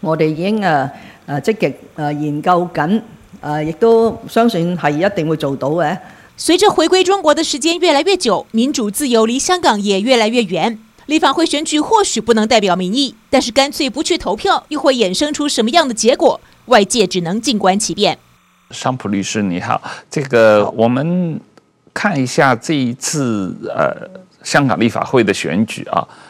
我哋已經誒誒、啊啊、積極誒、啊、研究緊，誒、啊、亦都相信係一定會做到嘅。隨著回歸中國的時間越來越久，民主自由離香港也越來越遠。立法會選舉或許不能代表民意，但是乾脆不去投票，又會衍生出什麼樣的結果？外界只能靜觀其變。桑普律師你好，這個我們看一下這一次呃香港立法會的選舉啊。